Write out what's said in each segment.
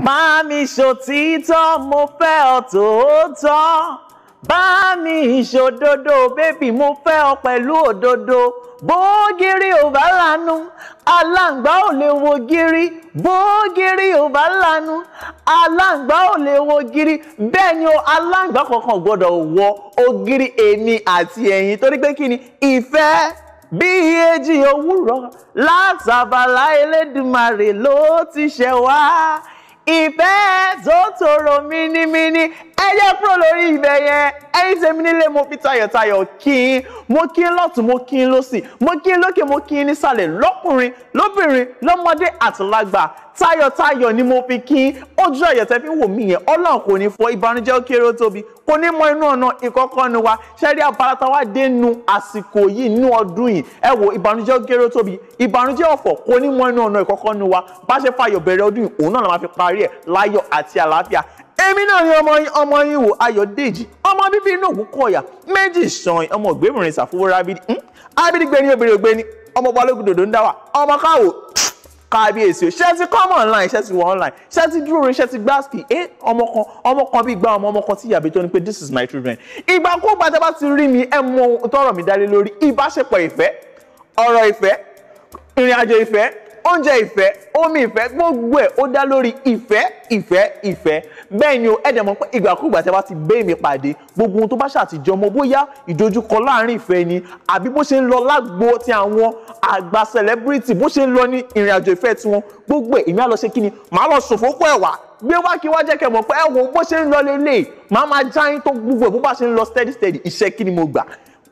bá mi ṣòtítọ́ mo fẹ́ ọ tòótọ́ bá mi ṣòdodo bébì mo fẹ́ ọ pẹ̀lú òdodo bógiri ò bá lanu aláǹgbá ò lè wo giri bógiri ò bá lanu aláǹgbá ò lè wo giri bẹ́ẹ̀ ni o aláǹgbá kankan gbọ́dọ̀ wọ ògiri èmi àti ẹ̀yin torí pé kí ni ìfẹ́ bí èjì òwúrọ̀ látàbàlá Elédùmarè ló ti ṣẹ̀ wá ìfẹ́ tó tòrò mínímíní lórí ibẹ̀ yẹn ẹ̀yin tèmi nílé mo fi tayọ̀tayọ̀ kí n mo kí n lọ́tún mo kí n lọ́sì mo kí lókè mo kí nísàlẹ̀ lọ́kùnrin lóbìnrin lọ́mọdé àti tayọ̀tayọ̀ ni mo fi kí ojú ẹ̀yọ̀ tẹ́ fi ń wò mí yẹn ọlọ́run kò ní fọ ìbànújẹ́ kéré ó tóbi kò ní mọ inú ọ̀nà ìkọ́kọ́ ni wa ṣẹ́rí àbárata wa dé nu àsìkò yìí nú ọdún yìí ẹ wo ìbànújẹ́ ó kéré ó tóbi ìbànújẹ́ ọ̀fọ̀ kò ní mọ inú ọ̀nà ìkọ́kọ́ ni wa bá ṣe fàyọ̀ bẹ̀rẹ̀ ọdún yìí òun náà la máa fi parí ẹ̀ láyọ̀ àti àlàáfíà èmi náà ni ọmọ yín ọmọ yín wò ayọ̀dèjì ọmọ bíbí inú Ògúnkọ̀yà méjì sàn ọmọ ògbémìrin ṣàfùwọ́rọ̀ abidi hmm? abidi gbẹni obìnrin ògbẹni ọmọ balógun dòdò ń dá wa ọmọ káwò kábíyèsí o ṣé ti come online ṣé ti wọ online ṣé ti dúró ṣé ti gbáàsì ẹ ọmọ kan ọmọ kan bíi gba ọmọ ọmọ kan tí ìyàbí tó ní pé this is my children ìgbàkúgbà tẹ́ bá ti rí mi ẹ mọ ohun mi dálé lórí ìbáṣepọ̀ ìfẹ́ ọ̀rọ̀ ìfẹ́ ìrìn àjò ìfẹ́ oúnjẹ ìfẹ́ omi ìfẹ́ gbogbo ẹ̀ ó dá lórí ìfẹ́ ìfẹ́ ìfẹ́ bẹ́ẹ̀ ni o ẹ dẹ̀ mọ̀ pé ìgbàkúgbà tí a bá ti bẹ́ mi pàdé gbogbo ohun tó bá ṣàtijọ́ mọ bóyá ìdojúkọ láàrin ìfẹ́ ni àbí bó ṣe ń lọ lágbo ti àwọn àgbà celebrity bó ṣe ń lọ ní ìrìn àjò ìfẹ́ tiwọn gbogbo ẹ̀ èmi á lọ ṣe kí ni màá lọ ṣòfókó ẹ̀wà gbé wá kí wá jẹ́ kẹ́ mọ̀ pé ẹ wo bó ṣe ń lọ lélẹ̀ màá máa jáyín tó gbogbo ẹ̀ bó bá ṣe ń lọ steady steady iṣẹ́ kí ni mo gbà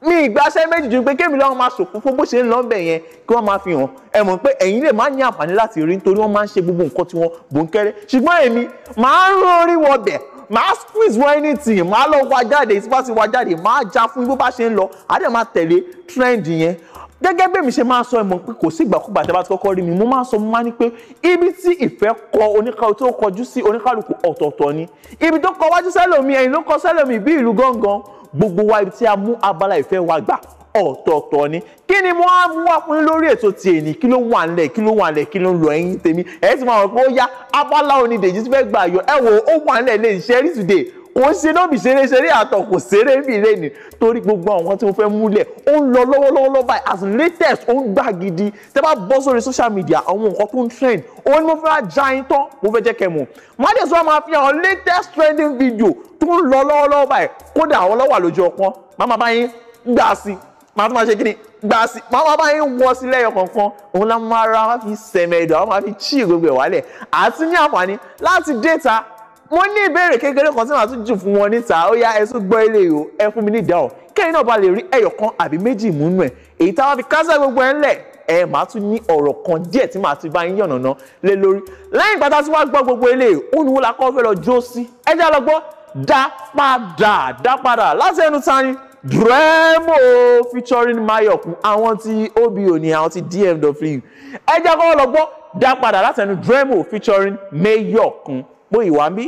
mi ìgbàsẹ́ méjì ju pé kébìlì àwọn máa sòkò fún bó ṣe ń lọ bẹ̀ yẹn kí wọ́n máa fi hàn ẹ mọ̀ pé ẹ̀yin lè má ní àǹfààní láti rí nítorí wọ́n máa ń ṣe gbogbo nǹkan tí wọ́n bò ń kẹ́rẹ́ ṣùgbọ́n èmi màá ń rún orí wọ bẹ̀ màá squeeze wọ anything màá lọ wá jáde ìsúpá sí wá jáde màá já fún bó bá ṣe ń lọ àdé máa tẹ̀lé trend yẹn gẹ́gẹ́ bí èmi ṣe máa ń sọ ẹ̀mọ̀ pé kò sí ìgbàkúgbà tí a bá ti kọ́kọ́ rí mi mo máa ń sọ mo máa ń ní pé ibi tí ìfẹ́ kọ oníkàlù tó kọjú sí oníkàlùkù ọ̀tọ̀ọ̀tọ̀ ni ibi tó kọ wájú sẹ́lòmí ẹ̀yìn ló kọ sẹ́lòmí bí ìlú gangan gbogbo wa ibi tí a mú abala ìfẹ́ wa gbà ọ̀tọ̀ọ̀tọ̀ ni kí ni mo á mú wá fún yín lórí ètò ti èní kí ló ń wà nílẹ̀ kí ló ń wà nílẹ̀ kí ló ń lọ ẹ̀yìn tèmi ẹ̀ sì máa rò pé ó yá abala òní dèjì tí fẹ́ gbà yọ ẹ wò ó wà nílẹ̀ lè ṣe today kò ń ṣe náà bí ṣeré ṣeré àtọ̀ kò ṣeré bí ilé ni torí gbogbo àwọn tí mo fẹ́ múlẹ̀ ó ń lọ lọ́wọ́lọ́wọ́ lọ́ba as latest ó ń gbà gidi tẹ́ bá bọ́ sórí social media àwọn nǹkan tó ń trend ó ní mo fẹ́ já yín tán mo fẹ́ jẹ́ kẹ́ mọ̀ máa fi hàn latest trending video tó ń lọ lọ́wọ́lọ́wọ́ báyìí kódà àwọn lọ́wọ́ àlòjù ọpọ́n máma bá yín gbà sí máa tún máa ṣe kíni gbà sí máma bá yín wọ sí lẹ́yọ kọ̀ọ̀kan òun la máa ra máa fi sẹ̀mẹ̀dọ̀ máa fi chíì gbogbo ẹ̀ wálẹ̀ àti ní àǹfààní láti déta mo ní ìbéèrè kékeré kan tí màá tún jù fún wọn níta ó yá ẹ tún gbọ́ ilé o ẹ fún mi ní ìdáhùn kẹ́yìn náà bá lè rí ẹyọ kan àbí méjì múnú ẹ̀ èyí táwa fi kásẹ̀ gbogbo ẹ̀ ńlẹ̀ ẹ màá tún ní ọ̀rọ̀ kan díẹ̀ tí màá ti bá yín yànnàná lé lórí lẹ́yìn ìgbà tá a ti wá gbọ́ gbogbo ilé o ó nu wọn la kọ́ fẹ́ lọ jó sí ẹ já lọ gbọ́ dá padà dá padà láti ẹnu tani dremo featuring mayokun àwọn ti obo ni àwọn ti dmw ẹ já kọ́ lọ gbọ́ dá padà láti ẹnu dremo featuring mayokun bóyìí wá ń bí.